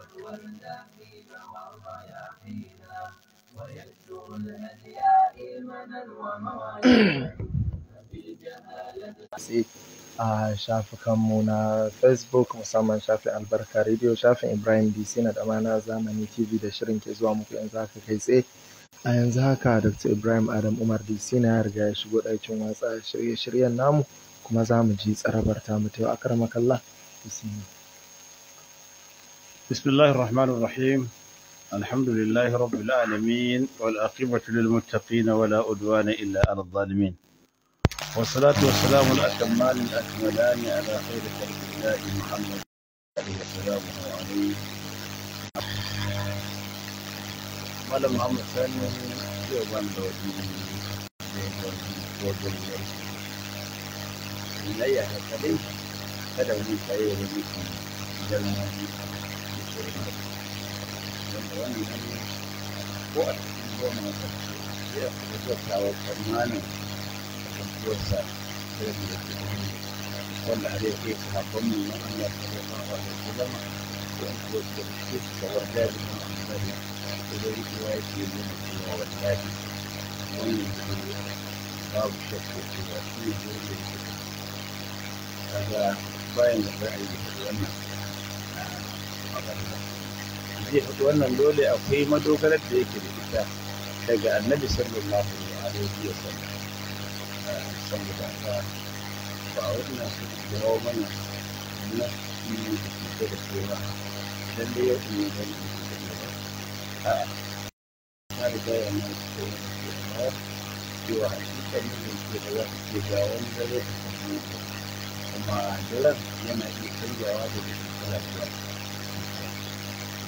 والتأثير والضياعين ويكثر a shafukanmu na facebook musamman shafin albarka radio shafin ibrahim dc na dama na zamani tv da shirin ke zuwa muku yanzu haka kai tsaye a yanzu haka dr ibrahim adam umar dc na ya riga ya shigo ɗakin watsa shirye-shiryen namu kuma za mu ji tsarabar ta mu a karmakalla bismillah بسم الله الرحمن الرحيم الحمد لله رب العالمين والعاقبة للمتقين ولا أدوان إلا على الظالمين والصلاة والسلام الأكمال الأكملان على خير خلق الله محمد عليه السلام عليه قال محمد ثاني يومان دوجين من أي أهل الحديث فلو لي خير منكم wannan ko a cikin goma na ƙarshe ya fi kyautawar tsammanin kasantuwarsa da yadda ya ke gani wanda har ya kai sahabban mu na Allah ta zai ba wa da ke zama ko a kuwa da ke su kawar daji na Muhammadu da zai yi kuwa ya ke nuna cewa wani daji wannan jirgin babu shakka cewa shi ne jirgin da ya ke kaga bayan da za a yi wannan zai faɗi wannan dole akwai madogarar da yake da ita daga annabi sallallahu alaihi wa sallam saboda haka ba wannan su jawo mana na cikin da da cewa lalle ya kuma da ne da a ta riga ya na cikin da cewa hakikan ne ke da za su ke ga wani dare da kuma daren yana iya canjawa da shekara zuwa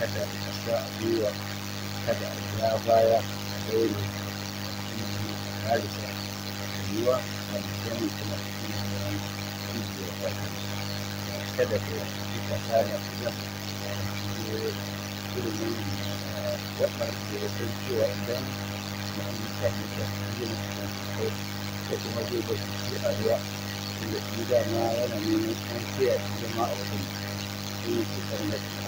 كذا الشعبي وكذا الجاباية بين الثالثة أيوة الجن كما كذا كذا كل من يقبل في وإنسان مهم كثير يتواجد في الأجواء التي لا ما ولا من أنسية الجماعة والدنيا في التي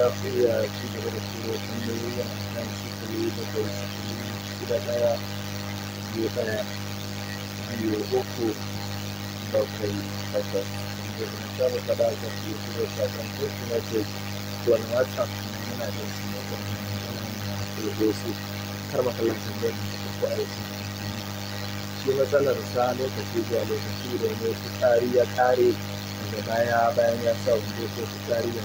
za ci gaba da turo tambayoyi a kan sifili bakwai sifili shida ɗaya biyu ɗaya biyu uku bakwai takwas da kuma saba faɗa a kan su turo sakon text message ko wani whatsapp muna da su ne kan su har makallan tambayar da suka ko aiki shi matsalar sa lokaci zuwa lokaci da ne fitsari ya kare daga baya bayan ya sa wanda ko fitsari ya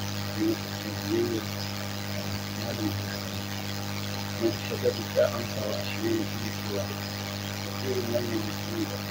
من شدة التأمس وأشياء في الكلام كثير من المسلمين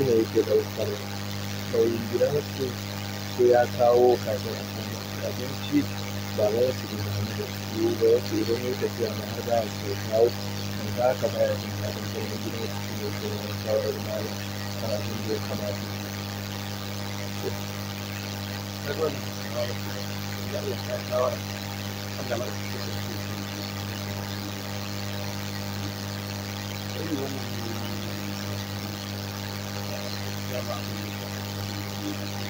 shine yake ɗaukar nauyin eu ko ya o kafin a kawo abinci ba wai su ne da su ba não idan ya não na har não su kawo não za ka não jin daɗin não gidan su não ko wani não malam kan não da ya não Thank you. Thank dạ vâng. you.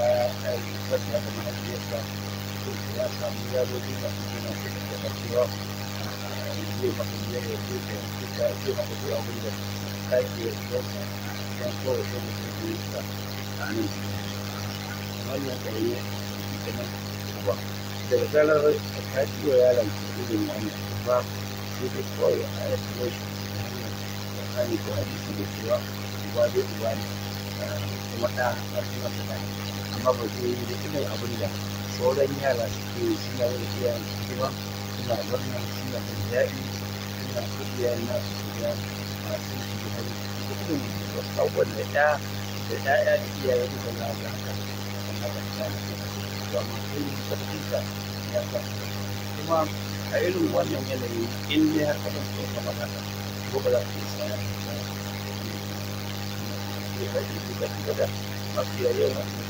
baya ya da mahaifiyarsa ya samu yaro ne da ta a nan wannan tsaye da nan kuwa daga zarar ta ci wa yaron irin yi kuma cikin amma ba da irin abin da sauran yara suke yi suna wani iyayen su kuma suna murna suna jin daɗi suna so iyayen nasu su masu su ji hari da irin abubuwan da ɗa da ɗaya da iyaye duka za ga haka amma ba ta yi to amma sai yi sarkinka ya kuma a irin wannan yanayi in dai har kasan so kamar haka ko ba za su yi saya da ya kashe su ga masu yayyau masu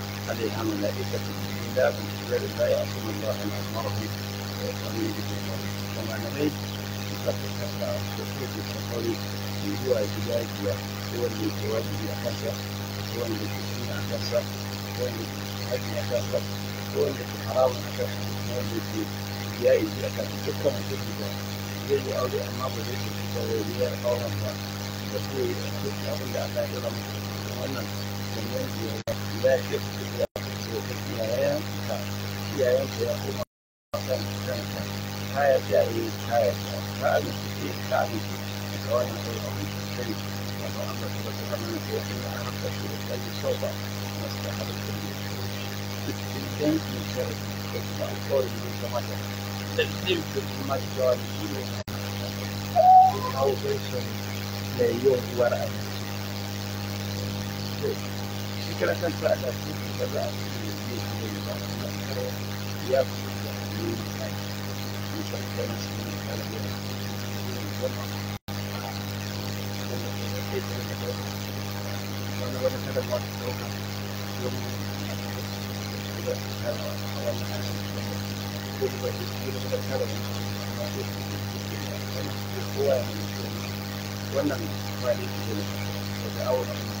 عليها ملائكة كتاب غير لا يعصون الله ما أمرهم ويأمرون به وما نريد فقد تفوت التقوي من هو ابتدائية هو اللي تواجه أساسه هو اللي تسمع أساسه هو اللي تهدي أساسه هو اللي تحراوي أساسه هو اللي جائز أساسه تكرم تجده يجي أولياء الأمر ليس تسوي قوما وفي أقول لأعداء رمضان وأنا لم ينزل Thank you. the in مشكلة فأنا وأنا من أولى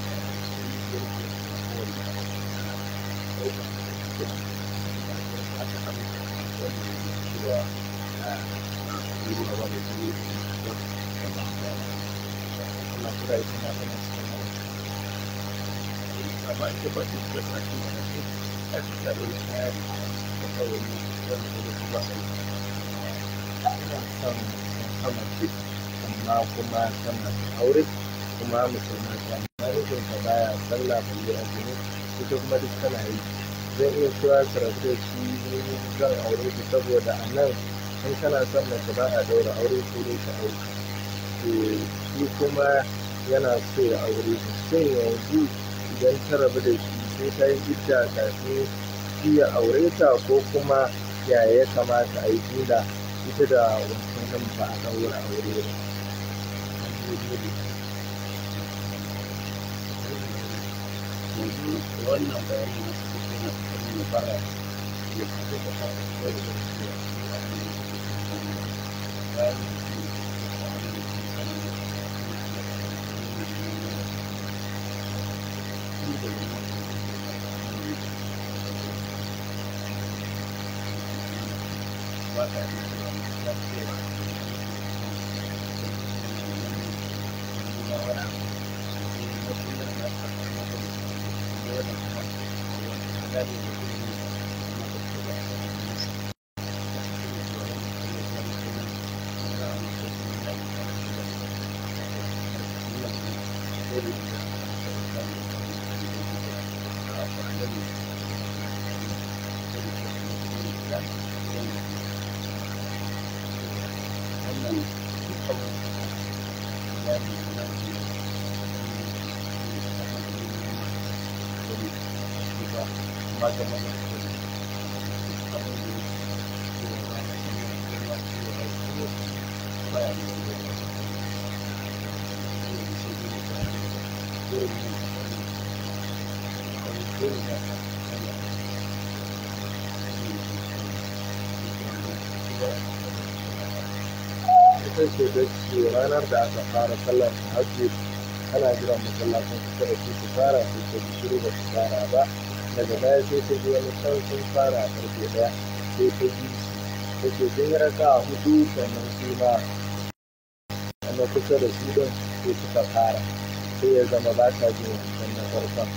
raising up in his community. I'd like to put this with our community. That's what we had before we moved to the weapon. And, you know, some, some, some, some Malcolm, some of the Otis, some of the Malcolm, some of the Otis, some of the Otis, some of the Otis, some of the Otis, some of the Otis, some of the Otis, some of the Otis, some of the Otis, in kana son na ka ba a daura aure ko ne ka aure ki kuma yana so ya aure shi sai yanzu idan ta rabu da shi sai ta yi idda kafin shi ya aure ta ko kuma ya ya kamata a yi tunda ita da wancan kan ba a ɗaura aure ba. wannan bayanin What kasance da ke ranar da aka fara sallar hajji ana jiran masallacin su kada su fara su ta shiru ba su fara ba daga baya sai ta ji wani can sun fara a karfe ɗaya sai ta ji ta ce sun yi raka a hudu sannan su ma na kusa da su don sai suka fara sai ya zama ba ta jin wancan na farkon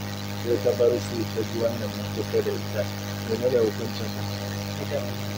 sai ta bar su ta ji wannan na kusa da ita domin da hukuncin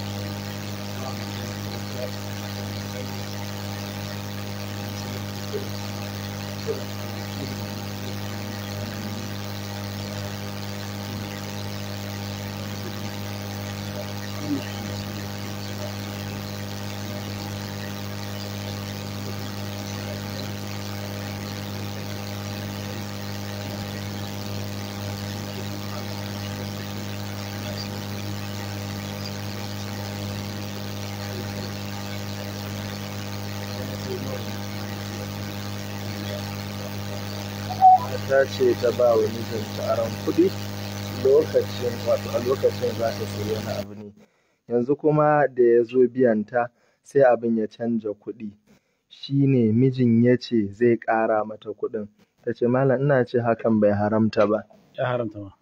mata ce ta ba wa mijinta aron kuɗi a lokacin za ta sayi wani abu ne yanzu kuma da ya zo biyanta sai abin ya canja kuɗi shine ne mijin ya ce zai ƙara mata kuɗin ta ce malam ina ce hakan bai haramta ba ya haramta ba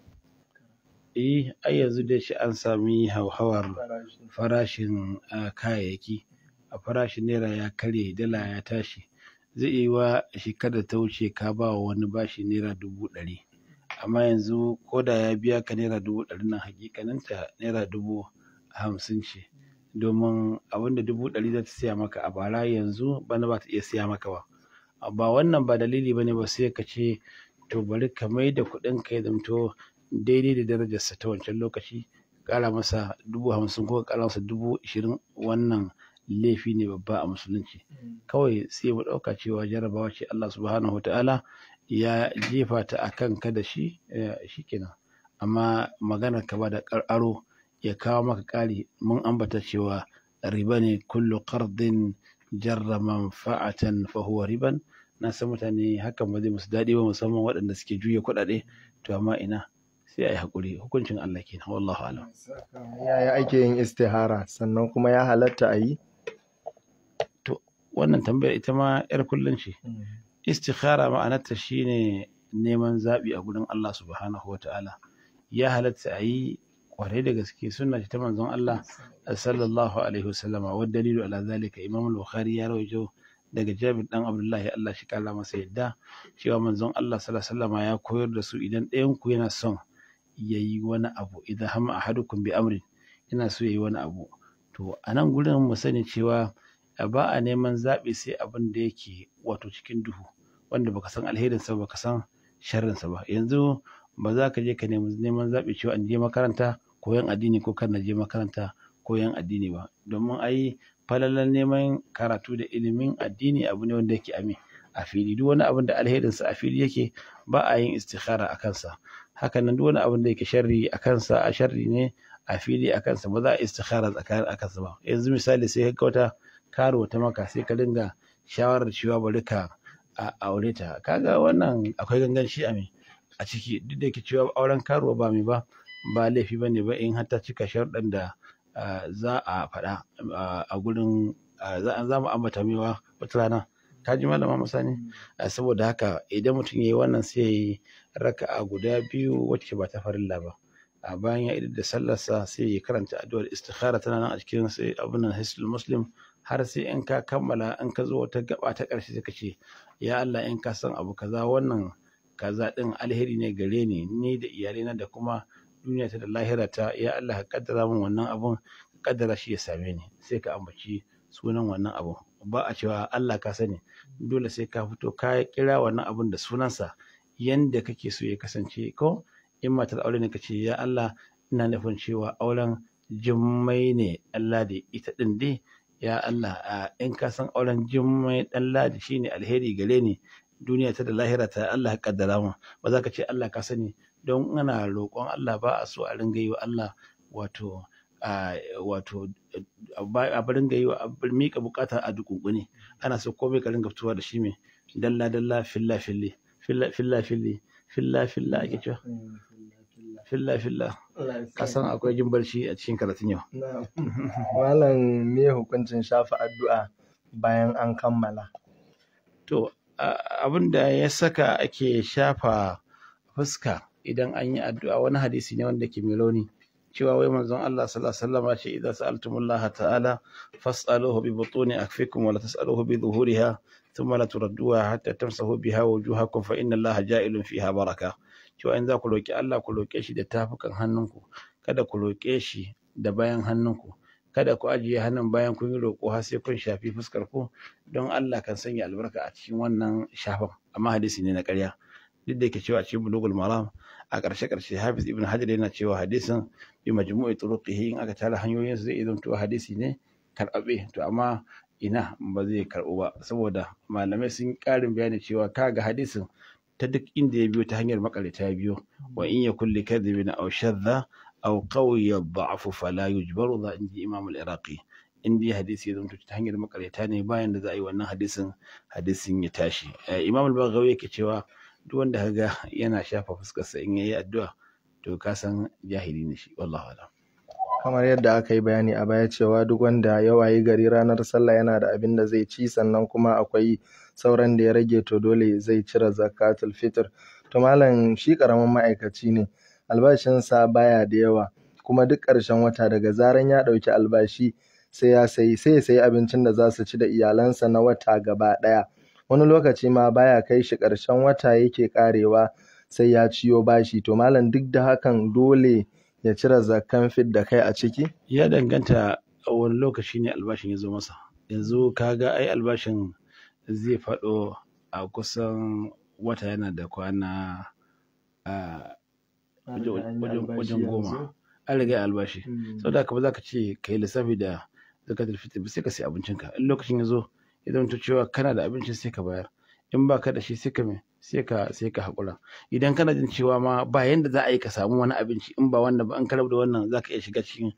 eh ai yanzu da shi an sami hauhawar farashin eh, kayayyaki a farashin naira ya karye dala ya tashi zai iya yiwa shekarar ta wuce ka ba wa wani bashi naira dubu ɗari amma yanzu ko da ya biya ka naira dubu ɗari nan ta naira dubu hamsin ce domin abinda dubu ɗari za ta siya maka a bara yanzu bana ba ta iya siya maka ba ba wannan ba dalili ne ba sai ka ce to bari ka mai da kuɗin ka ya zamto daidai da darajarsa ta wancan lokaci ƙara masa dubu hamsin ko ƙara masa dubu ashirin wannan laifi ne babba a musulunci kawai sai mu ɗauka cewa jarabawa ce Allah subhanahu ta'ala ya jefa ta a ka da shi eh, shi shikenan amma maganar ka ba da aro ya kawo maka ƙari mun ambata cewa riba ne kullu qardin jarra manfa'atan fa huwa riban na san mutane hakan ba zai musu daɗi ba musamman waɗanda suke juya kuɗaɗe to amma ina sai a yi haƙuri hukuncin Allah kenan wallahu alam yaya ake yin istihara sannan kuma ya halatta ayi. wannan tambayar ita ma yar kullun ce mm. istikhara ma'anarta shine neman zaɓi a gurin Allah subhanahu wa ta'ala ya halatta a yi ƙwarai da gaske suna ta manzon Allah sallallahu alaihi wasallama wa dalilu ala zalika imam al-bukhari ya rawaito daga Jabir dan Abdullahi Allah shi kala masa yadda cewa manzon Allah sallallahu alaihi wasallama ya koyar da su idan ɗayan ku yana son yayi wani abu idan hama ahadukum bi amrin yana so ya yi wani abu to a nan gurin mu sani cewa ba a neman zaɓi sai abin da yake wato cikin duhu wanda baka san alherinsa baka san sharrinsa ba yanzu ba za ka je ka nemi neman zaɓi cewa in je makaranta yan addini ko kan na je makaranta yan addini ba domin ai falalan neman karatu da ilimin addini abu ne wanda yake ami a fili duk wani abin da alherinsa a fili yake ba a yin istikhara a kansa hakanan duk wani abin da yake sharri a kansa a sharri ne a fili a kansa ba za a istikhara tsakanin a kansa ba yanzu misali sai ka wata karo ta maka sai ka dinga shawarar cewa bari ka a aure ta kaga wannan akwai gangan shi a me a ciki duk da yake cewa auren karuwa ba mai ba ba laifi bane ba in har ta cika sharuɗan da za a faɗa a gurin za mu ambata mewa wata rana ka ji malama masani saboda haka idan mutum ya yi wannan sai ya yi a guda biyu wacce ba ta farilla ba a bayan ya idar da sallarsa sai ya karanta addu'ar istikhara tana nan a cikin sai eh, abunan hisnul muslim har sai in ka kammala in ka zo wata gaba ta ƙarshe sai ka ce ya Allah in ka san abu kaza wannan kaza din alheri ne gare ni ni da iyalina da kuma duniya ta da lahira ta ya Allah ka kaddara min wannan abun kaddara shi ya same ni sai ka ambaci sunan wannan abu. ba a cewa Allah ka sani dole sai ka fito ka kira wannan abun da sunansa yanda kake so ya kasance ko in matar aure ne kace ce ya Allah ina nufin cewa auren jimmai ne Allah da ita din dai ya Allah in ka san auren jummai dan ladi shine alheri gare ni duniya ta da lahira ta Allah ka kaddara mu ba za ka ce Allah ka sani don ana roƙon Allah ba a so a ringa yi wa Allah wato wato a ringa yi wa mika bukata a dukunkuni ana so komai ka ringa fitowa da shi mai dalla dalla filla filli filla filli filla filla ake cewa filla filla kasan akwai jin barci a cikin karatun yau malam me hukuncin shafa addu'a bayan an kammala to abin da ya saka ake shafa fuska idan an yi addu'a wani hadisi ne wanda ke miloni cewa wai manzon Allah sallallahu alaihi wasallam ce idan sa'altumullaha ta'ala fas'aluhu bi butuni akfikum wa la tas'aluhu bi dhuhuriha thumma la turadduha hatta tamsahu biha wujuhakum fa inna Allaha ja'ilun fiha baraka ki in za ku roƙi Allah ku roƙe shi da tafukan hannunku kada ku roƙe shi da bayan hannunku kada ku ajiye hannun bayan kun yi roƙo har sai kun shafi fuskar ku don Allah kan sanya albarka a cikin wannan shafan amma hadisi ne na ƙarya duk da yake cewa a cikin bulugul maram a ƙarshe ƙarshe hafiz ibn hajar yana cewa hadisin bi majmu'i turuqihi in aka tara hanyoyin su zai to hadisi ne karɓe to amma ina ba zai karɓu ba saboda malamai sun ƙarin bayani cewa kaga hadisin ta duk inda ya biyo ta hanyar ta biyo wa in yakul li kadhibin aw shadda aw qawiya dha'fu fala yujbaru za inji imam al-iraqi ya hadisi ya zanto ta hanyar ta ne bayan da za a yi wannan hadisin hadisin ya tashi eh, imam al-baghawi yake cewa duk wanda kaga yana shafa fuskarsa in yayi addu'a to ka san jahili ne shi wallahi kamar yadda aka yi bayani a baya cewa duk wanda ya wayi gari ranar sallah yana da abin da zai ci sannan kuma akwai sauran da ya rage to dole zai cire zakatul fitr to malam shi karamin ma'aikaci ne albashinsa baya da yawa kuma duk ƙarshen wata daga zaran ya ɗauki albashi sai ya sayi sai ya sayi abincin da za su ci da iyalansa na wata gaba ɗaya wani lokaci ma baya kai shi ƙarshen wata yake ƙarewa sai ya ciyo bashi to malam duk da hakan dole ya cire zakan da kai a ciki? Ya danganta wani lokaci ne albashin ya zo masa. Yanzu ka ga ai albashin zai faɗo a kusan wata yana da kwana wajen goma. An riga albashi. Hmm. Sau da haka ba za ka ce ka yi lissafi da zakatul fitr ba sai ka sai abincinka. In lokacin ya zo ya zama cewa kana da abincin sai ka bayar. In ba ka da shi sai ka mai sai ka sai ka hakura idan kana jin cewa ma ba yanda za a yi ka samu wani abinci in ba wannan ba an karab da wannan za ka iya shiga cikin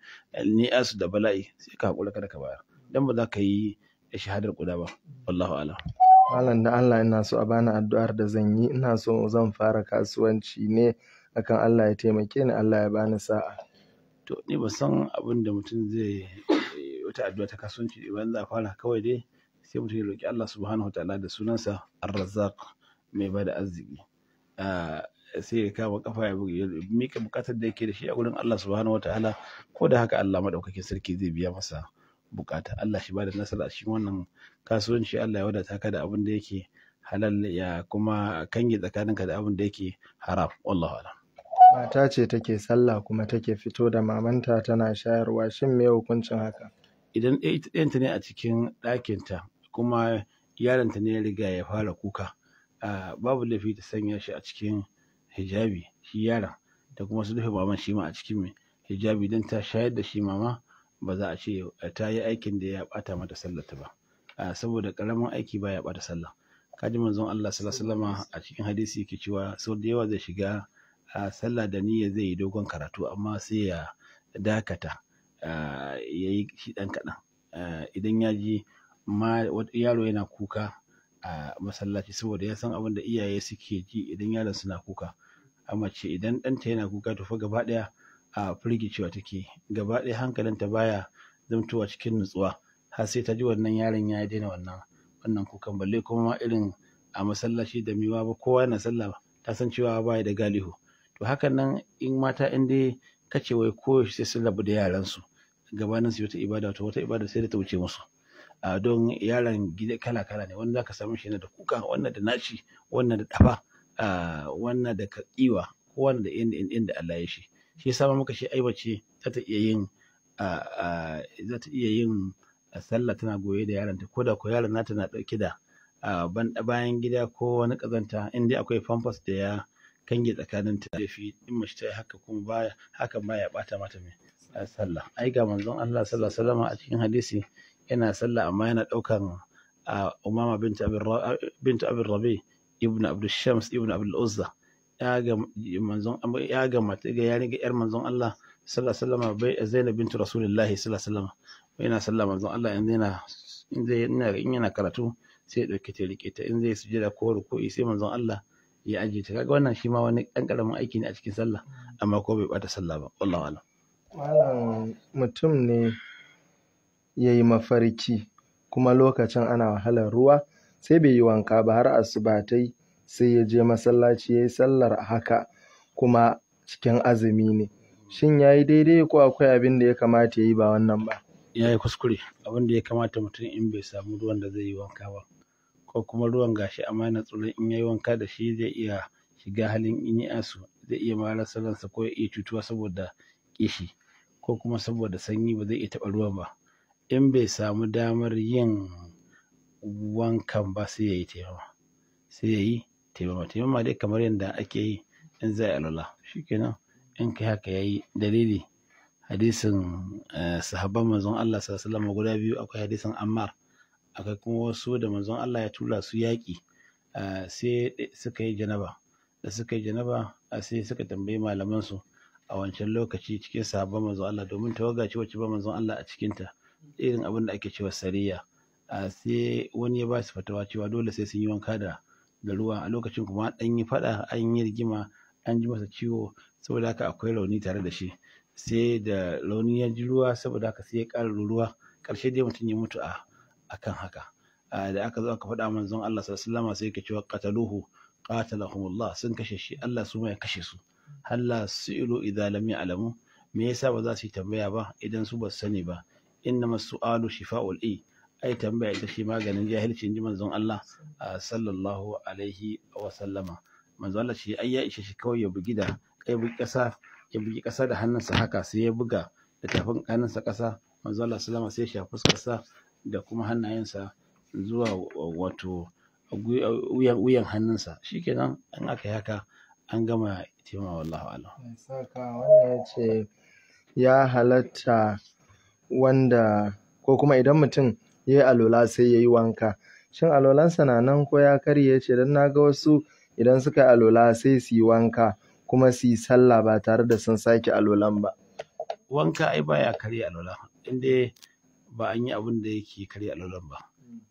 ni'asu da bala'i sai ka hakura kada ka bayar dan ba za ka yi shahadar kuda ba wallahu a'lam malam da Allah ina so a bani addu'ar da zan yi ina so zan fara kasuwanci ne akan Allah ya taimake ni Allah ya bani sa'a to ni ba san abin da mutum zai wata addu'a ta kasuwanci idan za a fara kawai dai sai mutum ya roki Allah subhanahu wataala da sunansa ar-razzaq mai bada arziki ah, sai ya kama kafa ya mika bukatar da yake da shi a gurin Allah subhanahu Ta'ala. ko da haka Allah madaukakin sarki zai biya masa bukata Allah shi bada nasara shi wannan kasuwanci Allah ya wadata ka da abin da yake halal ya kuma kange tsakaninka da abin da yake haram wallahu alam mata ce take sallah kuma take fito da mamanta tana shayarwa shin me hukuncin haka idan ɗayanta ne a cikin ɗakinta kuma yaronta ne ya riga ya fara kuka babu laifi ta sanya shi a cikin hijabi shi yara ta kuma su rufe maman shi ma a cikin hijabi don ta shayar da shi mama ba za a ce ta yi aikin da ya bata mata sallata ba saboda karamin aiki ba ya bata sallah kaji manzon Allah sallallahu alaihi a cikin hadisi yake cewa sau da yawa zai shiga sallah da niyya zai yi dogon karatu amma sai ya dakata ya yi shi dan kaɗan idan ya ji yaro yana kuka a masallaci saboda ya san abin da iyaye suke ji idan yaron suna kuka amma ce idan ɗanta yana kuka to fa gaba ɗaya a firgicewa take gaba ɗaya hankalinta baya zamtowa cikin nutsuwa har sai ta ji wannan yaron ya daina wannan wannan kukan balle kuma ma irin a masallaci da miwa ba kowa yana sallah ta san cewa baya da galihu to hakan nan in mata in dai kace wai koyaushe sai sun rabu da yaransu gabanin su wata ibada to wata ibada sai da ta wuce musu Ah, don yaron gida kala kala ne wanda zaka samu shi yana da kuka wannan da nashi wannan da dafa ah, wannan da kakiwa ko wannan da inda Allah ya shi shi yasa muka shi ai bace za ta iya yin ah, za ta iya yin sallah tana goye da yaron ta koda ko yaron nata na dauke da ban bayan gida ko wani kazanta in dai akwai pampers da ya kange tsakanin ta da fi in mace ta haka kuma baya hakan baya bata mata mai sallah ai ga manzon Allah sallallahu alaihi wasallam a cikin hadisi yana sallah amma yana ɗaukan umama bint abin rabi ibn abdul shams ibn abdul uzza ya ga manzon ya ga mata ga yani ga yar manzon Allah sallallahu alaihi wasallam bai Zainab bint Rasulullahi sallallahu alaihi wasallam yana sallah manzon Allah yanzu yana in zai in yana karatu sai ya dauke ta rike ta in zai sujada ko ruku'i sai manzon Allah ya aje ta kaga wannan shi ma wani dan karamin aiki ne a cikin sallah amma ko bai bata sallah ba wallahi alam mutum ne ya yi mafarki kuma lokacin ana wahalar ruwa sai bai yi wanka ba har asubatai, sai ya je masallaci ya yi sallar haka kuma cikin azumi ne shin ya yi daidai ko akwai abin da ya kamata ya yi ba wannan ba ya yi kuskure abin da ya kamata mutum in bai samu ruwan da zai yi wanka ba ko kuma ruwan gashi amma yana tsoron in ya yi wanka da shi zai iya shiga halin ini'asu zai iya ma rasa ko ya iya cutuwa saboda kishi ko kuma saboda sanyi ba zai iya taɓa ruwan ba in bai samu damar yin wankan ba sai ya yi taimama sai ya yi taimama taimama dai kamar yadda ake yi in za a alwala nan, in kai haka ya yi dalili hadisin eh, sahabban manzon Allah sallallahu guda biyu akwai hadisin Ammar akwai kuma wasu da manzon Allah ya tula su yaƙi eh, sai suka yi janaba da suka yi janaba eh, sai suka tambayi malamansu a wancan lokaci cikin sahabban manzon Allah domin tawaga ce wacce ba manzon Allah a cikinta irin abin da ake cewa sariya sai wani ya ba su fatawa cewa dole sai sun yi wanka da da ruwa a lokacin kuma an yi fada an yi rigima an ji masa ciwo saboda haka akwai rauni tare da shi sai da rauni ya ji ruwa saboda haka sai ya ƙara ruwa ƙarshe dai mutum ya mutu a akan haka da aka zo aka faɗa manzon Allah sallallahu alaihi sai yake cewa qataluhu qatalahumullah sun kashe shi Allah su ma ya kashe su halla ilu idza lam ya'lamu me yasa ba za su yi tambaya ba idan su ba su sani ba masu alu shifa'ul i ai tambaya ita shi maganin jahilcin ji manzon Allah sallallahu alaihi wa sallama manzon Allah shi ayya ya ishe shi kawai ya bugi da bugi kasa ya bugi kasa da hannunsa haka sai ya buga da tafin hannunsa kasa manzon Allah sallama sai ya shafi fuskarsa da kuma hannayensa zuwa wato wuyan hannunsa nan an aka yi haka an gama tema wallahu ya ce ya halatta wanda ko kuma idan mutum ya yi alwala sai ya yi wanka shin alwalansa na nan ko ya karye ce don na ga wasu idan suka yi alwala sai su yi wanka kuma su yi sallah ba tare da sun sake alolan ba wanka ai ba ya karye alola inda ba an yi abin da yake karye alolan ba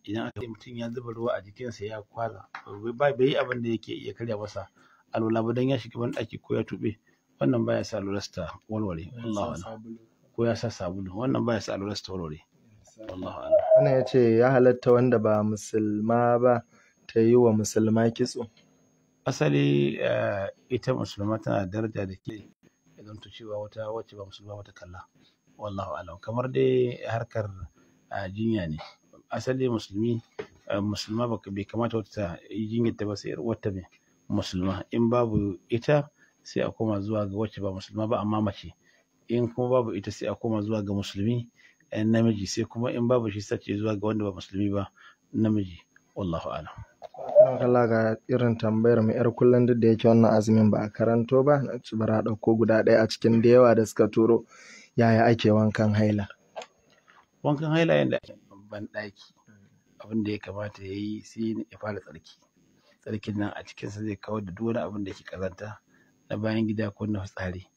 idan aka yi mutum ya zuba ruwa a jikinsa ya kwaza ba bai yi abin da yake iya karya masa alwala ba don ya shiga ban ɗaki ko ya tuɓe wannan baya sa su ta walwale Allah ko ya sa sabulu wannan baya sa alwalarsa ta warware wannan ya ce ya halatta wanda ba musulma ba ta yi wa musulma kitso asali eh, ita musulma tana daraja da ke idan ta cewa wata wacce ba musulma ba ta kalla wallahu alam kamar dai harkar eh, jinya ne asali musulmi eh, musulma bai kamata wata yi jinyar ta ba sai wata musulma in babu ita sai a koma zuwa ga wacce ba musulma ba amma mace in kuma babu ita sai a koma zuwa ga musulmi yan namiji sai kuma in babu shi sace zuwa ga wanda ba musulmi ba namiji wallahu alam Allah ga irin tambayar mu yar kullum duk da yake wannan azumin ba a karanto ba na ci bara ɗauko guda ɗaya a cikin da yawa da suka turo yaya ake wankan haila wankan haila yadda ban ɗaki abin da ya kamata ya yi sai ya fara tsarki tsarkin nan a cikinsa zai kawar da duk wani abin da ke kazanta na bayan gida ko na fitsari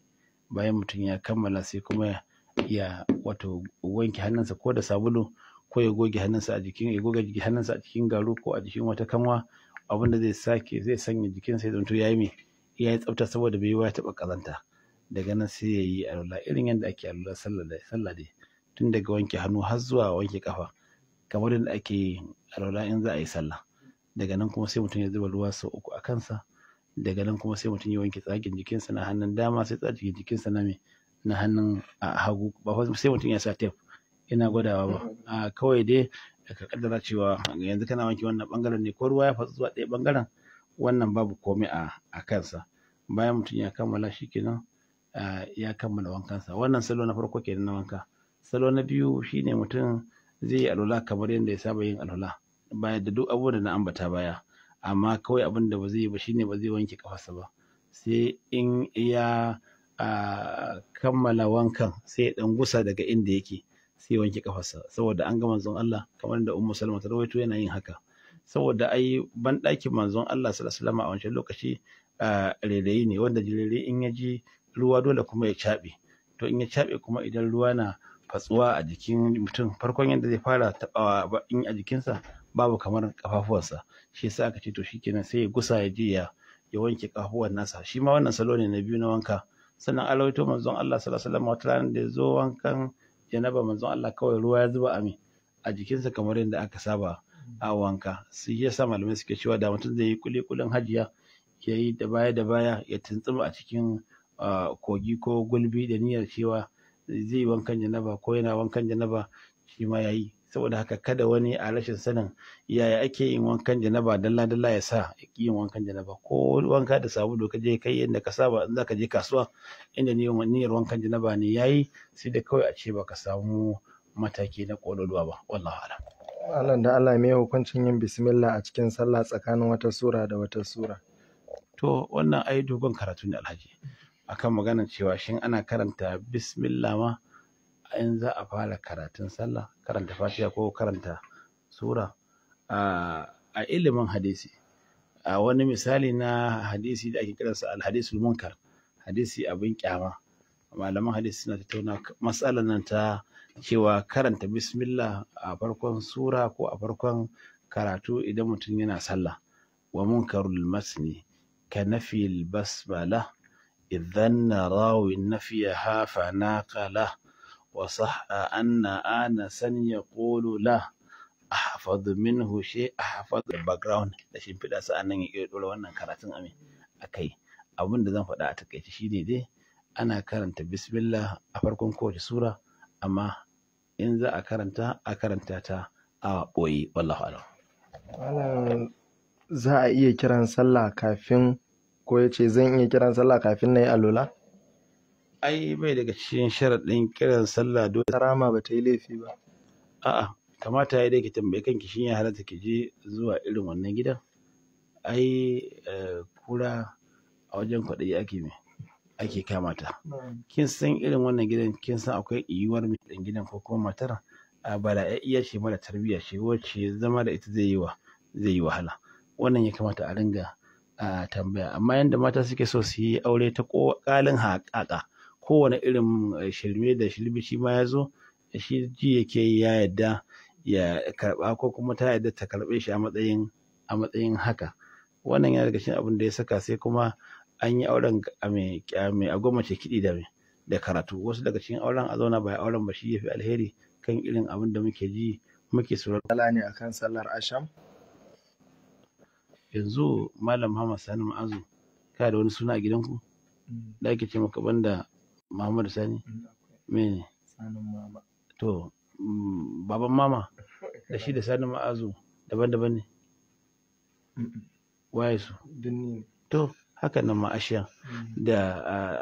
bayan mutum ya kammala sai kuma ya wato wanke hannunsa ko da sabulu ko ya goge hannunsa a jikin ya goge hannunsa a cikin garu ko a jikin wata kanwa abin da zai sake zai sanya jikinsa ya zanto yayi mai ya yi tsafta saboda bai ya taɓa ƙazanta daga nan sai ya yi alwala irin yadda ake alwala sallah dai tun daga wanke hannu har zuwa wanke kafa kamar yadda ake alwala in za a yi sallah daga nan kuma sai mutum ya zuba ruwa sau uku a kansa daga nan kuma sai mutum ya wanke tsakin jikinsa na hannun dama sai tsakin jikinsa na me na hannun hagu ba sai mutum ya sa tef Ina gwadawa ba a kawai dai ka kaddara cewa yanzu kana wanke wannan bangaren ne ko ruwa ya fasu zuwa ɗaya bangaren wannan babu komai a a kansa bayan mutum ya kammala shikenan ya kammala wankansa wannan salo na farko kenan na wanka salo na biyu shine mutum zai yi alwala kamar yadda ya saba yin alwala baya da duk abubuwan da na ambata baya amma kawai abin da ba zai yi ba shine ba zai wanke kafarsa ba sai in ya kammala wankan sai ya dan gusa daga inda yake sai ya wanke kafarsa saboda an ga manzon Allah kamar da ummu salma ta rawaito yana yin haka saboda ai ban daki manzon Allah sallallahu alaihi wasallam a wancan lokaci rairayi ne wanda jirere in ya ji ruwa dole kuma ya shaɓe. to in ya shaɓe kuma idan ruwa na fatsuwa a jikin mutum farkon yadda zai fara taɓawa in a jikinsa babu kamar kafafuwarsa shi yasa aka ce to shikenan sai ya gusa ya je ya ya wanke kafuwar nasa shi ma wannan salo ne na biyu na wanka sannan alawaito manzon Allah sallallahu alaihi wasallam wata da ya zo wankan janaba manzon Allah kawai ruwa ya zuba a a jikinsa kamar yadda aka saba a wanka sai ya sa malamai suke cewa da mutum zai yi kuli-kulin hajiya ya yi da baya da baya ya tuntsuma a cikin kogi ko gulbi da niyyar cewa zai yi wankan janaba ko yana wankan janaba shi ma ya yi saboda haka kada wani a rashin sanin yaya ake yin wankan janaba dalla dalla ya sa yin wankan janaba ko wanka da sabulu ka je kai yadda ka saba in zaka je kasuwa inda niyyar wankan janaba ne yayi sai da kawai a ce baka samu mataki na kololuwa ba wallahi ala Allah da Allah mai hukuncin yin bismillah a cikin sallah tsakanin wata sura da wata sura to wannan ai dogon karatu ne alhaji akan maganar cewa shin ana karanta bismillah ma in za a fara karatun sallah karanta fatiha ko karanta sura a ilimin hadisi a wani misali na hadisi da ake kiransa alhadisul munkar hadisi abin kyama malaman hadisi suna tattauna matsalar nan ta cewa karanta bismillah a farkon sura ko a farkon karatu idan mutum yana sallah wa munkarul masni ka nafi basmala idan na rawin nafiya hafa na kala. وصح أن آنسا يقول له ahfadu minhu shi ahfadu da background da shi fida sa'an nan ya iya dora wannan karatun A kai, abin da zan faɗa a takaice shine dai ana karanta bismillah a farkon kowace sura amma in za a karanta a karanta ta za a iya kiran sallah kafin ko ya ce zan iya kiran sallah kafin na yi alola ai bai daga cikin sharaɗin kiran sallah dole rama ba ta yi laifi ba a'a kamata ya dai ki tambayi kanki shin ya halatta ki je zuwa irin wannan gidan ai eh, kura a wajen kwaɗayi ake mai ake kama kin san irin wannan gidan kin san akwai yiwuwar mai gidan ko kuma matar a bala iya ce mara tarbiyya ce wacce zama da ita zai yi wahala wannan ya kamata a ringa a tambaya amma yadda mata suke so su yi aure ta ƙalin haƙaƙa kowane irin eh, shirme da shilbici ma ya zo shi ji yake yi ya yadda ya karɓa ko kuma ta yadda ta karbe shi a matsayin a matsayin haka wannan yana daga cikin abin da ya saka sai kuma an yi auren mai a goma ce kiɗi da da karatu wasu daga cikin auren a zauna ba auren ba shi ya fi alheri kan irin abin da muke ji muke tsoron. Sala ne akan sallar asham? Yanzu Malam Muhammad Sani Ma'azu kai da wani suna a gidanku? Mm. Da ake ce maka banda Muhammadu Sani mm, mene to mm, baban mama da shi da Sani ma'azu daban-daban ne waye su to haka nan ma mm. ashiyan da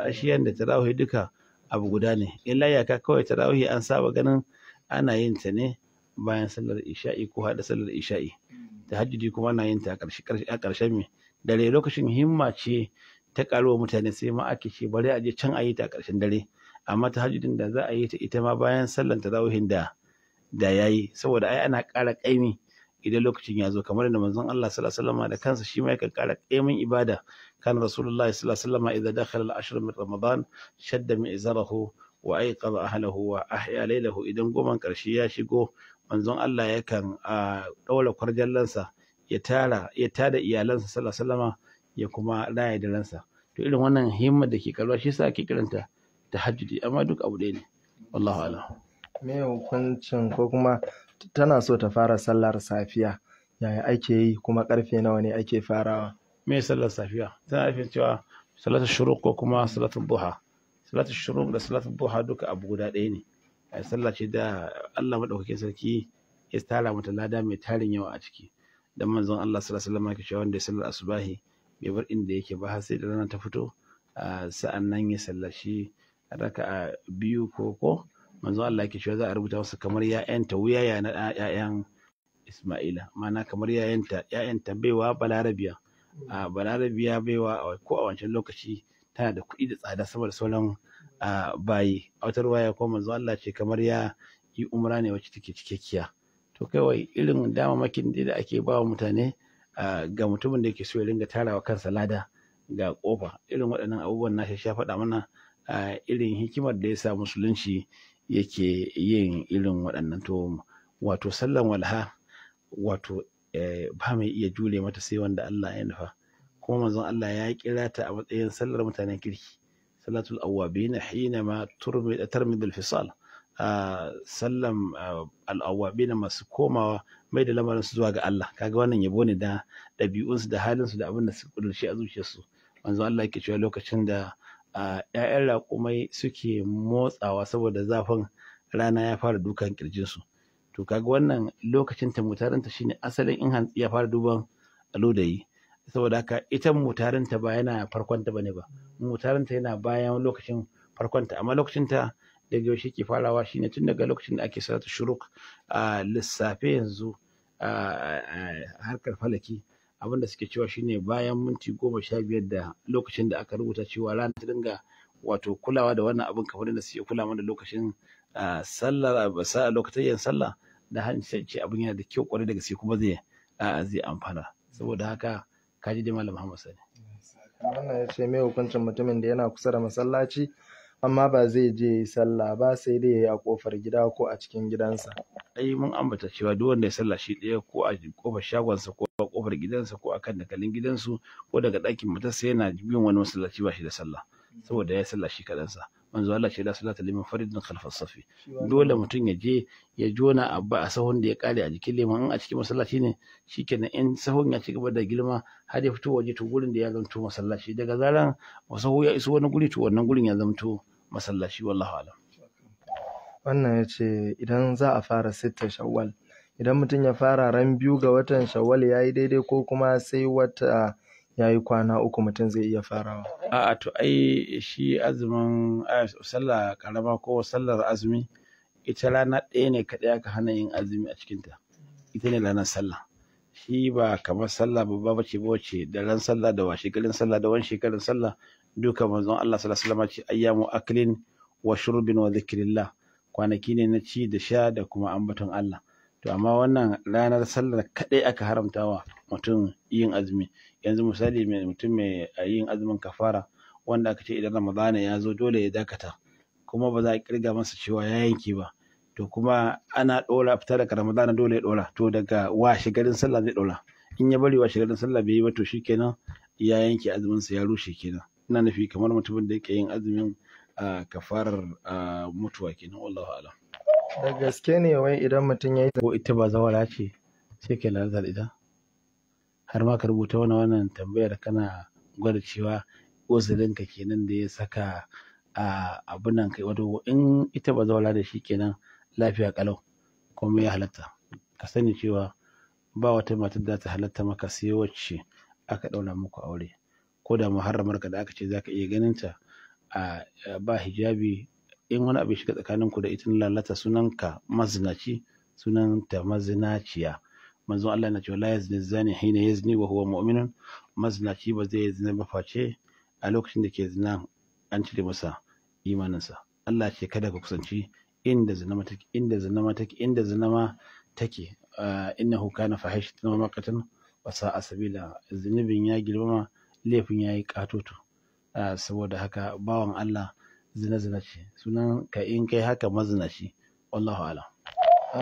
ashiyan da tarawih duka abu guda ne illa ka kawai tarawih an saba ganin ana yin ta ne bayan sallar isha'i ko haɗa sallar isha'i tahajjudi kuma ana yin ta a ƙarshen me dare lokacin himma ce ta karuwa mutane sai ma ake ce bari a je can a yi ta a ƙarshen dare amma ta hajjudin da za a yi ta ita ma bayan sallan tarawihin da da yayi saboda ai ana ƙara ƙaimi idan lokacin ya zo kamar da manzon Allah sallallahu alaihi wasallam da kansa shi ma yakan ƙara ƙaimin ibada kan rasulullahi sallallahu alaihi wasallam idza dakhala al-ashr min ramadan shadda min izarahu wa aiqadha ahlahu wa ahya laylahu idan goman karshe ya shigo manzon Allah yakan daura ah, kwarjallansa ya tara ya tada iyalansa sallallahu alaihi wasallam ya kuma raya da ransa to irin wannan himmar da ke karuwa shi yasa ake kiranta tahajjudi amma duk abu ɗaya ne wallahu a'lam me hukuncin ko kuma tana so ta fara sallar safiya yaya ake yi kuma karfe nawa ne ake farawa me sallar safiya tana nufin cewa salatul shuruq ko kuma salatul duha salatul shuruq da salatul duha duka abu guda ɗaya ne a sallar ce da Allah madaukakin sarki ya tara mata lada mai tarin yawa a ciki dan manzon Allah sallallahu alaihi wasallam yake cewa wanda ya sallar asubahi ya bar inda yake ba har sai da rana ta fito sa'an nan ya sallaci raka'a biyu ko ko manzo Allah yake cewa za a rubuta masa kamar ya'yanta wuya ya na ya'yan Isma'ila ma'ana kamar ya'yanta ta baiwa Balarabiya a Balarabiya baiwa ko a wancan lokaci tana da kuɗi da tsada saboda sauran bayi a wata ruwaya ko manzo Allah ce kamar ya yi umra ne wacce take cikakkiya to wai irin damamakin da ake ba wa mutane ga mutumin da yake so ya ringa tarawa kansa lada ga kofa irin waɗannan abubuwan na sha faɗa mana irin hikimar da ya sa musulunci yake yin irin waɗannan to wato sallan walha wato e, ba mai iya jure mata sai wanda Allah ya nufa kuma manzon Allah ya kira ta a matsayin sallar mutanen kirki salatul awwabin hina ma da tarmid al fisal sallam al awwabin masu komawa mai da lamarin su zuwa ga Allah kaga wannan yabo ne da ɗabi'unsu da halinsu da abin da su kudurci a zuciyarsu manzo Allah yake cewa lokacin da ƴaƴan raƙumai suke motsawa saboda zafin rana ya fara dukan kirjinsu to kaga wannan lokacin ta mutarinta shine asalin in hantsi ya fara duban al'udayi. saboda haka ita mutarinta ba yana farkonta bane ba mutarinta yana bayan lokacin farkonta amma lokacin ta daga yaushe ke farawa shine tun daga lokacin da ake salatu shuruk a lissafe yanzu a harkar falaki abin da suke cewa shine bayan minti goma sha biyar da lokacin da aka rubuta cewa rana ta dinga wato kulawa da wannan abin kamar da suke kula mana lokacin sallar a lokacin yin sallah da hanyar ce abin yana da kyau kwarai da gaske kuma zai zai amfana saboda haka kaji da malam Muhammad Sani wannan ya ce mai hukuncin mutumin da yana kusa da masallaci amma ba zai je ya yi sallah ba sai dai ya a kofar gida ko a cikin gidansa. Ai mun ambata cewa duk wanda ya sallah shi ɗaya ko a ƙofar shagonsa ko a ƙofar gidansa ko a kan dakalin gidansu ko daga ɗakin matarsa yana bin wani masallaci ba shi da sallah saboda ya sallah shi kaɗansa. manzo Allah ce la salata liman na khalfa safi dole mutum ya je ya jona abba a sahun da ya kare a jikin liman a cikin masallaci ne shi shikenan in sahun ya ci gaba da girma har ya fito waje to gurin da ya zanto masallaci daga zaran wasu ya iso wani guri to wannan gurin ya zanto masallaci wallahu alam wannan ya ce idan za a fara sittin shawwal idan mutum ya fara ran biyu ga watan shawwal ya yi daidai ko kuma sai wata ya yi kwana uku mutum zai iya farawa a'a to ai shi azumin eh, sallah karama ko sallar azumi ita rana ɗaya ne kaɗai aka hana yin azumi a cikinta ita ne ranar sallah shi ba kamar sallah babba ba ce bace da ran sallah da washegarin sallah da wani sallah duka manzon Allah sallallahu alaihi wasallam ce ayyamu aklin wa shurbin wa zikrillah kwanaki ne na ci da sha da kuma ambaton Allah to amma wannan ranar sallar kaɗai aka haramtawa mutum yin azumi yanzu misali mutum mai yin azumin kafara wanda aka ce idan ramadana ya zo dole ya dakata kuma ba za a kirga masa cewa ya yanke ba to kuma ana ɗora fita daga ramadana dole ya ɗora to daga washe garin sallah zai ɗora in ya bari washe garin sallah bai yi ba to kenan ya yanke azumin sa ya rushe kenan ina nufi kamar mutumin da yake yin azumin kafarar mutuwa kenan wallahu a'lam da gaske ne wai idan mutum ya yi ko ita ba zawara ce sai ke lalata ita har ma ka rubuta wani wannan tambayar kana gwada cewa ka kenan da ya saka a abin nan kai wato in ita ba zaula da shi kenan lafiya kalau kuma ya halatta ka sani cewa ba wata matar da ta halatta maka sai wacce aka ɗaura muku aure ko da muharramar ka da aka ce za ka iya ganin ta a ba hijabi in wani abu shiga tsakaninku da ita lalata sunan sunanka mazinaci sunanta mazinaciya manzon Allah na cewa la yazni zani hina yazni wa huwa mu'minun mazlaci ba zai zina ba face a lokacin da ke zina an cire masa imaninsa Allah ce kada ka kusanci inda zinama take inda zinama take inda ma take ah, innahu kana fahishatan wa maqatan wa sa'a sabila zinubin ya girmama laifin yayi katoto ah, saboda haka bawan Allah zina zina ce sunan ka in kai haka mazina shi wallahu a'lam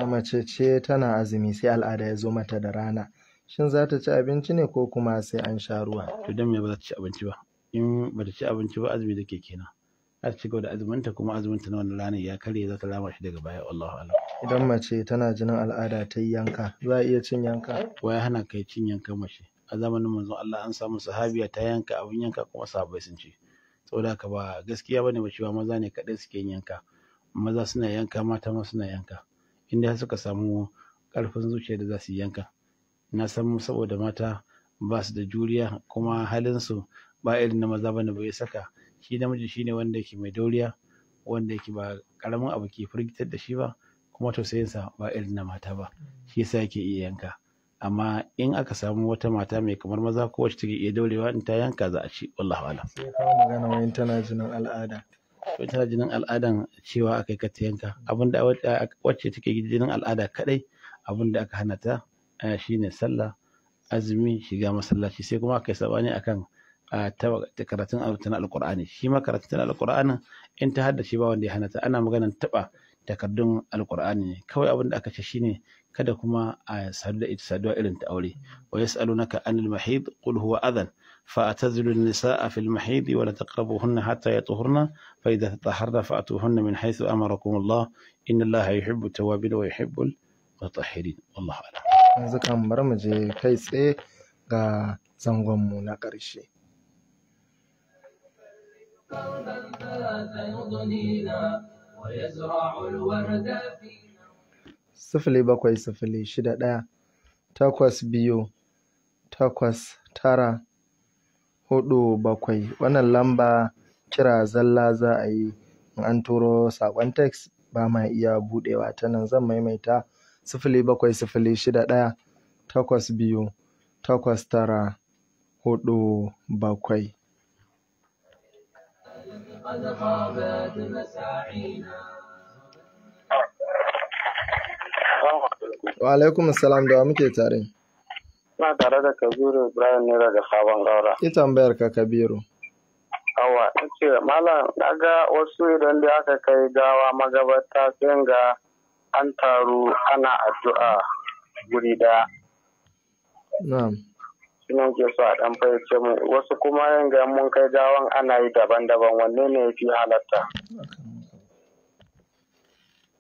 mace ce tana azumi sai al'ada ya zo mata da rana shin za ta ci abinci ne ko kuma sai an sha ruwa to dan me ba za ta ci abinci ba in ba ta ci abinci ba azumi take kenan za ta ci gaba da azumin ta kuma azuminta na wannan ranar ya karye za ta rama shi daga baya wallahu a'lam idan mace tana jinin al'ada ta yi yanka za a iya cin yanka waya hana kai cin yanka mace a zamanin manzon Allah an samu sahabiya ta yanka abin yanka kuma sahabbai sun ci saboda ka ba gaskiya bane ba cewa maza ne kaɗai suke yanka maza suna yanka mata ma suna yanka inda suka samu ƙarfin zuciya da za su yanka na san saboda mata ba su da juriya kuma halinsu ba irin na maza bane bai saka shi namiji shine wanda yake mai dauriya wanda yake ba karamin abu ke firgitar da shi ba kuma tausayinsa ba irin na mata ba shi yasa yake iya yanka amma in aka samu wata mata mai kamar maza ko wacce take iya daurewa in ta yanka za a ci wallahi wala sai ka magana wayin tana jinin al'ada to tana jinin al'adan cewa akai ka ta yanka abinda wacce take jinin al'ada kadai abinda aka hana ta shine sallah azumi shiga masallaci sai kuma aka akai sabani akan karatun alkur'ani shi ma karatun alkur'ani in ta haddace ba wanda ya hana ta ana maganan taba takardun alkur'ani ne kawai abin da aka ce shine kada kuma a sadu da ita saduwa irin ta aure wa yas'alunaka anil mahid qul huwa adhan فأتزل النساء في المحيض ولا تقربوهن حتى يطهرن فإذا تطهرن فأتوهن من حيث أمركم الله إن الله يحب التوابين ويحب المتطهرين والله أعلم yanzu kan bar mu je kai tsaye ga zangonmu سفلي ƙarshe sifili bakwai sifili shida ɗaya takwas biyu huɗu bakwai wannan lamba kira zalla za a yi in an turo saƙon text ba ma iya buɗewa ta nan zan maimaita sifili bakwai sifili shida ɗaya takwas biyu takwas tara huɗu bakwai wa alaikum salam da wa muke tare Ina tare da Kabiru Ibrahim ne daga Sabon Gaura. Ki tambayar ka Kabiru. Awa, ta ce, Malam, daga wasu idan da aka kai gawa magabata sai ga an taru ana addu'a guri da. Na'am. Sunan ke so a ɗan fahimce mu, wasu kuma yin ga mun kai gawan ana yi daban-daban wanne ne ya fi halatta.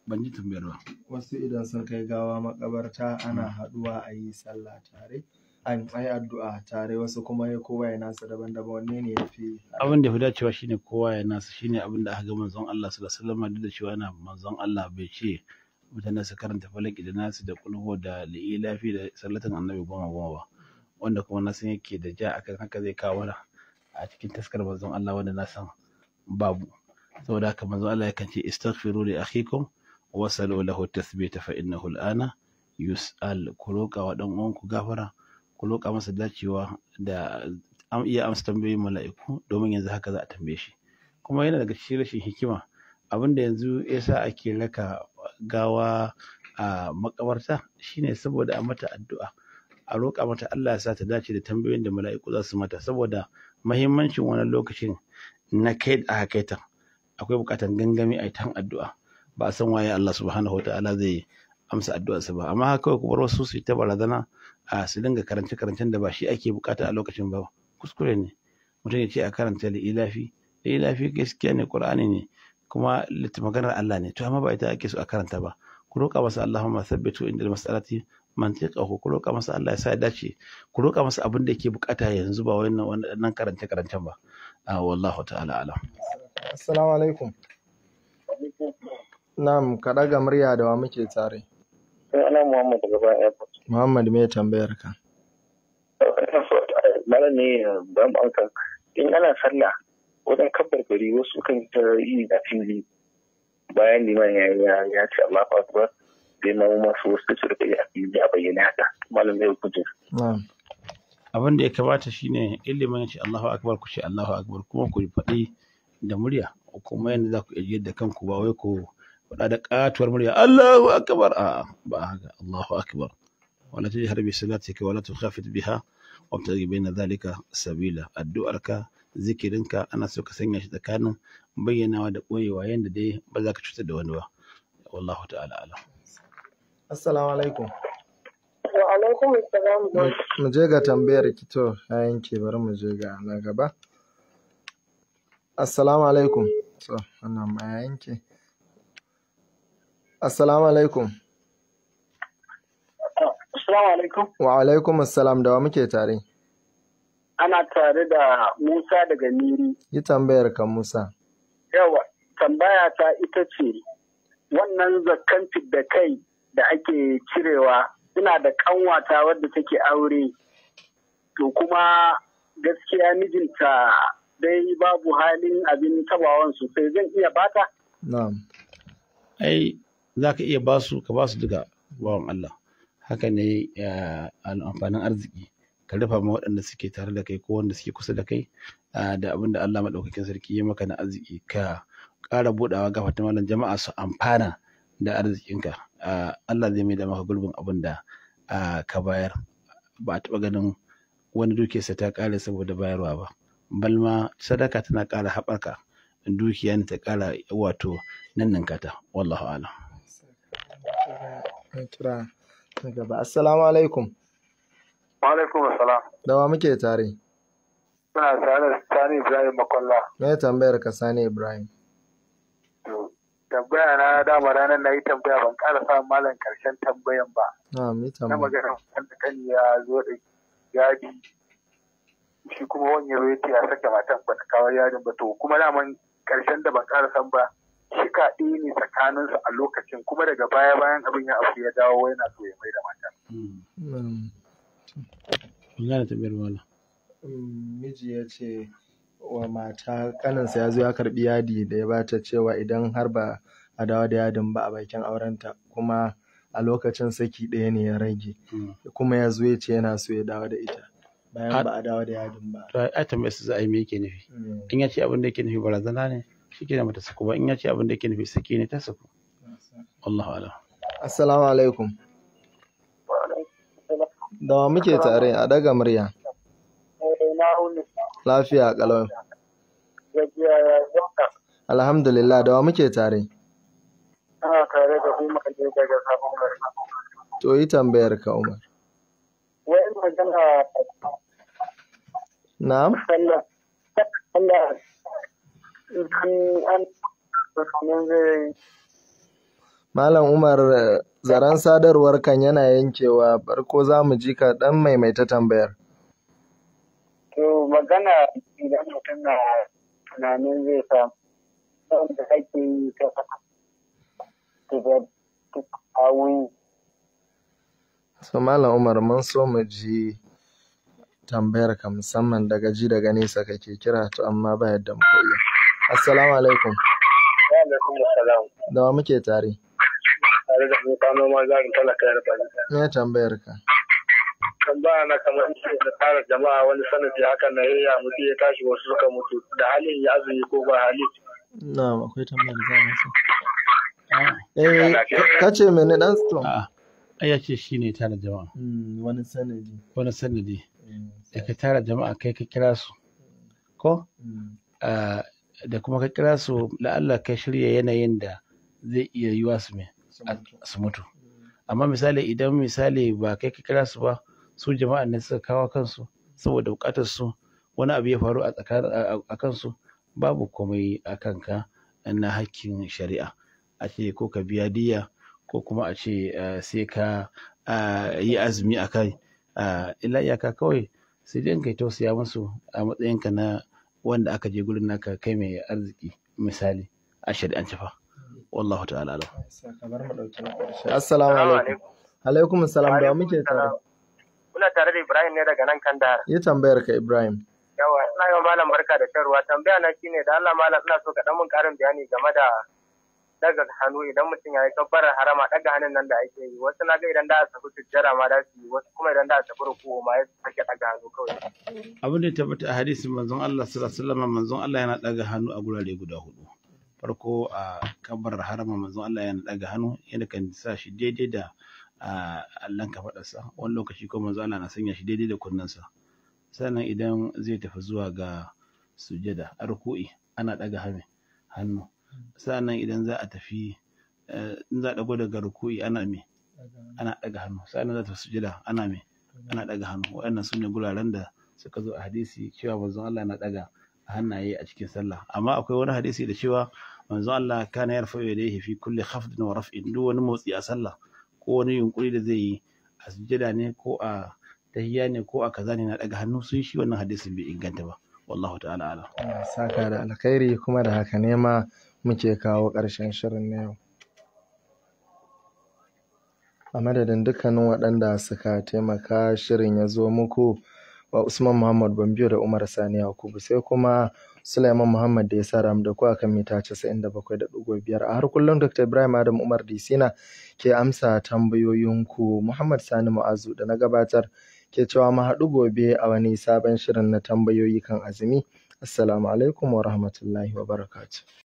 ban ji tambayar ba wasu idan sun kai gawa makabarta ana hmm. haduwa a yi sallah tare an yi addu'a tare wasu kuma ya kowa ya nasa daban-daban wanne ne yafi abin da ya fi dacewa shine kowa ya nasa ne abin da aka ga manzon Allah sallallahu alaihi sallama duk da cewa yana manzon Allah bai ce mutane su karanta falaki da nasu da kulhu da li'ilafi da sallatan annabi goma goma ba wanda kuma na san yake da ja akan haka zai kawo a cikin taskar manzon Allah wanda na san babu saboda haka manzon Allah yakan ce istaghfiru li akhikum wasalo lahu tathbita fa innahu al'ana yus'al ku roƙa wa dan uwanku gafara ku roƙa masa dacewa da am iya amsa tambayoyin mala'iku domin yanzu haka za a tambaye shi kuma yana daga cikin rashin hikima abinda yanzu yasa ake raka gawa a makabarta shine saboda a mata addu'a a roƙa mata Allah ya sa ta dace da tambayoyin da mala'iku za su mata saboda mahimmancin wannan lokacin na kai a hakaita akwai buƙatar gangami a ta addu'a ba a san waye Allah subhanahu wataala zai amsa addu'arsa ba amma kawai ku bar wasu su ta barazana a su dinga karance karancen da ba shi ake bukata a lokacin ba kuskure ne mutum ya ce a karanta da ilafi da gaskiya ne qur'ani ne kuma maganar Allah ne to amma ba ita ake so a karanta ba ku roƙa masa Allahumma thabbitu indal mas'alati mantiqa ku roƙa masa Allah ya sa ya dace ku roƙa masa abin da yake bukata yanzu ba wannan wannan karance karancen ba wallahu ta'ala alam assalamu alaikum Na'am, ka ɗaga murya da wa muke tsare. Sai Muhammad daga airport. Muhammad me tambayar ka? Mara ne ba mu amsa. in ana sallah wajen kabbar gari wasu kan ta yi a fili bayan liman ya ya ce Allah akbar sai ma masu wasu su rika yi a fili a bayyana haka malam zai hukunci. Abin da ya kamata shine liman ya ce Allahu akbar ku ce Allahu akbar kuma ku faɗi da murya kuma yadda za ku iya da kanku ba wai ku faɗa da ƙatuwar murya Allahu akbar a ba haka Allahu akbar wala harbi salati ka wala tukhafit biha wabtaghi baina dhalika sabila addu'arka zikirinka ana so ka sanya shi tsakanin bayyanawa da koyewa yanda dai ba za ka cutar da wani ba wallahu ta'ala alam assalamu alaikum wa mu je ga tambayar kito. Na yayin ke bari mu je ga na gaba assalamu alaikum so wannan ma yayin ke Assalamu alaikum. Assalamu alaikum. Wa alaikum assalam da wa muke tare. Ana tare da Musa daga Niri. Yi tambayar ka Musa. Yawa, tambaya ta ita ce, wannan zakkan da kai da ake cirewa, ina da kanwata wadda take aure, to kuma gaskiya mijinta dai babu halin abin tabawan sosai zan iya bata? Na'am. Ai, za ka iya basu ka basu duka bawan Allah haka ne amfanin arziki ka rufa ma waɗanda suke tare da kai ko wanda suke kusa da kai da abin da Allah maɗaukakin sarki ya maka na arziki ka ƙara buɗawa ga fatan malam jama'a su amfana da arzikinka Allah zai mai da maka gurbin abin da ka bayar ba a taɓa ganin wani dukiyarsa ta ƙare saboda bayarwa ba balma sadaka tana ƙara haɓaka dukiya ta ƙara wato nan ninkata wallahu alam kira na gaba assalamu alaikum wa alaikum assalam dawa muke tare Suna tare Sani Ibrahim Makwalla. Me tambayar ka Sani Ibrahim? tambaya na dama ranar na yi tambaya ban ƙara sa malam karshen tambayan ba. Na magana wanda kan ya zo da yadi shi kuma wani ya ce a sake matan ba ta kawo yadin ba to kuma daman karshen da ban ƙara san ba shika ɗaya ne su a lokacin kuma daga baya bayan abin ya abu ya dawo yana so ya mai da mata. Mm. Mm, miji ya ce wa mata kaninsa ya zo ya karɓi yadi da ya bata cewa idan har ba a dawo da yadin ba a bakin aurenta kuma a lokacin saki ɗaya ne ya rage mm. kuma ya zo ya ce yana so ya dawo da ita. bayan ba a dawo da yadin ba. To ai tambayar su za a yi mai yake nufi? In ya ce abin da yake nufi barazana ne? shike da mata saku ba in ya ce abin da yake nufi saki ne ta saku wallahu ala assalamu alaikum da wa muke tare a daga murya lafiya kalau alhamdulillah da wa muke tare ana tare da kuma kaje daga sabon gari to yi tambayar ka umar wai magana na'am Allah Malam Umar zaren sadarwar kan yana yankewa barko za mu ji ka ɗan maimaita tambayar. To magana idan mutum na tunanin zai samu da ake yi ta kawun. So Malam Umar mun so mu ji tambayar ka musamman daga ji daga nesa kake kira to amma ba yadda mu iya. Assalamu alaikum. Dawa alaikum muke tare? Tare da muka noma zarin talaka yar bani. Me tambayar ka? Tambaya na kamar ce da tsara jama'a wani sanadi hakan na yaya mutu ya tashi wasu suka mutu da halin ya azumi ko ba hali. Na akwai tambayar za mu sa. Ah. Eh ce mene dan sto? A'a. Ah, ai ce shine tare jama'a. Hmm, wani sanadi. Wani sanadi. Hmm, da ka tara jama'a kai ka kira su. Ko? Hmm. Ah, da kuma ka kira su la'alla ka shirya yanayin da zai iya yiwa su su mutu amma misali idan misali ba kai ka kira su ba su jama'a ne suka kawo kansu saboda bukatar su wani abu ya faru a kansu babu komai a kanka na hakkin shari'a a ce ko ka biya diya ko kuma a ce eh, sai ka yi azumi a kai ila iyaka kawai sai dai kai tausaya musu a matsayinka na wanda aka je gurin naka kai mai arziki misali a shari'ance fa wallahu ta'ala alam assalamu alaikum alaikum assalam da muke tare kuna tare da Ibrahim ne daga nan kan dahar yi tambayar ka Ibrahim yawa ina ga malam barka da sharwa tambaya na shine da Allah malam ina so ka dan mun karin bayani game da daga hannu idan mutum ya yi kabbarar harama daga hannun nan da ake yi wasu na ga idan da a tafi tijjara ma da su yi wasu kuma idan da a tafi rukuwa ma ya sake daga hannu kawai. abin da ya tabbata a hadisin manzon Allah sallallahu alaihi wasallam manzon Allah yana daga hannu a gurare guda hudu farko a kabbarar harama manzon Allah yana daga hannu yana kan sa shi daidai da faɗa sa wani lokaci ko manzon Allah na sanya shi daidai da kunnensa sannan idan zai tafi zuwa ga sujada a ruku'i ana daga hannu sa'annan idan za a tafi eh, in za a dago daga ruku'i ana me ana daga hannu sa'annan za ta sujada ana me ana daga hannu waɗannan su ne guraren da suka zo a hadisi cewa manzon Allah na daga hannaye a cikin sallah amma akwai wani hadisi da cewa manzon Allah kana yarfa yadayhi fi kulli khafdin wa raf'in duk wani motsi a sallah ko wani yunkuri da zai yi a sujada ne ko a tahiyya ne ko a kaza ne na daga hannu sun shi wannan hadisin bai inganta ba wallahu ta'ala ala saka da alkhairi kuma da haka nema muke kawo ƙarshen shirin na yau a madadin dukkanin waɗanda suka taimaka shirin ya zo muku Usman Muhammad Bambiyo da Umar Sani Yakubu sai kuma Suleiman Muhammad da ya sa ram da ku akan mita 97.5 a har kullum Dr. Ibrahim Adam Umar Disina ke amsa tambayoyinku Muhammad Sani Mu'azu da na gabatar ke cewa mu haɗu gobe a wani sabon shirin na tambayoyi kan azumi Assalamu alaikum wa rahmatullahi wa barakatuh